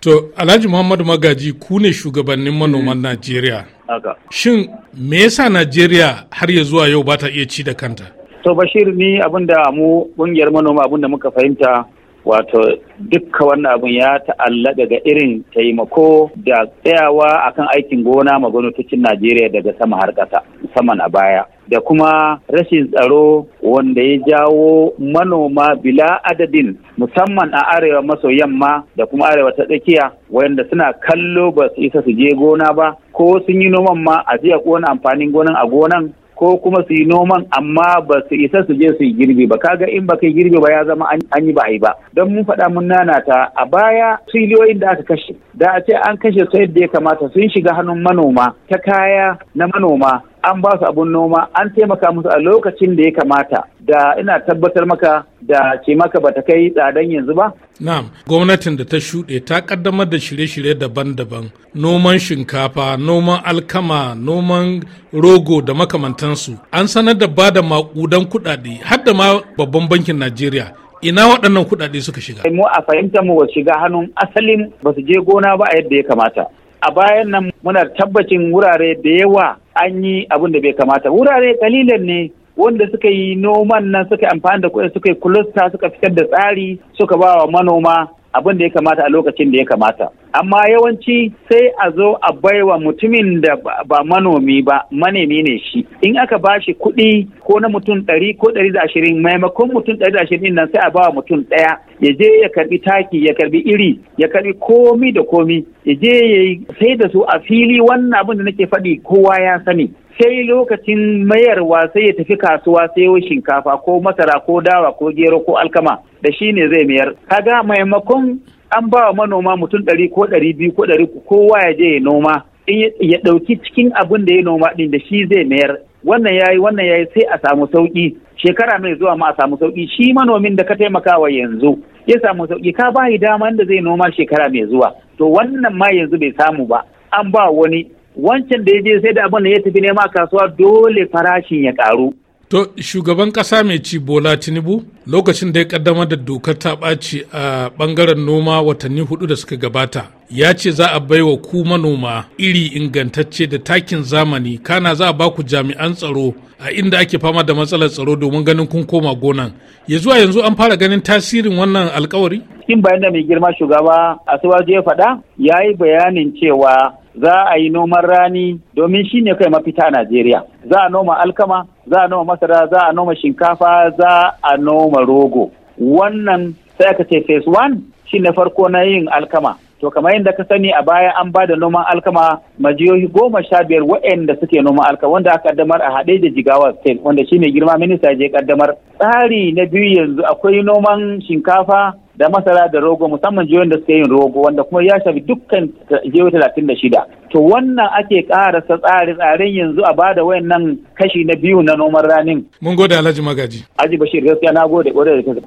To Alhaji Muhammadu Magaji ku ne shugabannin manoman eh. Najeriya. Shin me yasa Najeriya har ya zuwa yau ba ta iya ci da kanta? To Bashir ni abinda mu ƙungiyar manoma abinda muka fahimta wato dukka wannan abun ya ta'allaka ga irin taimako da tsayawa akan aikin gona ma gwamnatocin Najeriya daga sama har ƙasa musamman a baya da kuma rashin tsaro wanda ya jawo manoma bila adadin musamman a arewa maso yamma da kuma arewa ta tsakiya wanda suna kallo ba su isa su je gona ba ko sun yi noman ma a je a kona amfanin gonan a gonan ko kuma su yi noman amma ba su isa su je su yi girbi ba kaga in ba kai girbi ba ya zama an yi ba a yi ba don mun faɗa mun nanata a baya filiyoyin da aka kashe da a ce an kashe su yadda ya kamata sun shiga hannun manoma ta kaya na manoma an ba su abun noma an taimaka musu a lokacin da ya kamata da ina tabbatar maka da ce maka bata kai tsadan yanzu ba na'am gwamnatin da ta shuɗe ta ƙaddamar da shirye-shirye daban-daban noman shinkafa noman alkama noman rogo da makamantansu an sanar da ba da makudan kuɗaɗe har da ma babban bankin najeriya ina waɗannan kuɗaɗe suka shiga mu a fahimtar mu ba shiga hannun asalin ba su je gona ba a yadda ya kamata a bayan nan muna tabbacin wurare da yawa an yi abin da bai kamata wurare kalilan ne wanda suka yi noman nan suka amfani da kuɗi suka yi kulusta suka fitar da tsari suka ba wa manoma abin da ya kamata a lokacin da ya kamata amma yawanci sai a zo a baiwa mutumin da ba manomi ba manemi ne shi in aka ba shi kuɗi ko na mutum ɗari ko ɗari da ashirin maimakon mutum ɗari da ashirin nan sai a bawa mutum ɗaya ya je ya karbi taki ya karbi iri ya karbi komi da komi ya je ya yi sai da su a fili wannan abin da nake faɗi kowa ya sani sai lokacin mayarwa sai ya tafi kasuwa sai sayo shinkafa ko masara ko dawa ko gero ko alkama da shi ne zai mayar kaga maimakon an ba wa manoma mutum ɗari ko ɗari biyu ko ɗari kowa ya je ya noma in ya ɗauki cikin abin da ya noma ɗin da shi zai mayar wannan ya yi wannan ya yi sai a samu sauƙi shekara mai zuwa ma a samu sauƙi shi manomin da ka taimakawa yanzu ya samu sauƙi ka bayi dama da zai noma shekara mai zuwa to wannan ma yanzu bai samu ba an ba wani wancan da ya je sai da abin da ya tafi nema kasuwa dole farashin ya karu To shugaban ƙasa mai ci Bola Tinubu lokacin da ya kaddamar da dokar ta ɓaci a ɓangaren noma watanni hudu da suka gabata ya ce za a baiwa ku manoma iri ingantacce da takin zamani kana za a ba ku jami'an tsaro a inda ake fama da matsalar tsaro domin ganin kun koma gonan ya zuwa yanzu an fara ganin tasirin wannan alkawari. Cikin bayan da mai girma shugaba Asiwaju ya faɗa ya yi bayanin cewa za a yi noman rani domin shi ne kai mafita a Najeriya. Za a noma alkama, za a noma masara, za a noma shinkafa, za a noma rogo. Wannan sai aka ce phase one shi ne farko na yin alkama. To kamar yadda ka sani a baya an ba da noman alkama majiyoyi goma sha biyar waɗanda suke noman alkama wanda aka kaddamar a haɗe da jigawa state wanda shi ne girma minista je kaddamar. Tsari na biyu yanzu akwai noman shinkafa da masara da rogo musamman jihohin da suke yin rogo wanda kuma ya shafi dukkan jiyoyi talatin da shida to wannan ake karasa tsare-tsaren yanzu a bada wayannan kashi na biyu na noman ranin mun gode alhaji magaji aji bashir gaskiya na gode kwarai da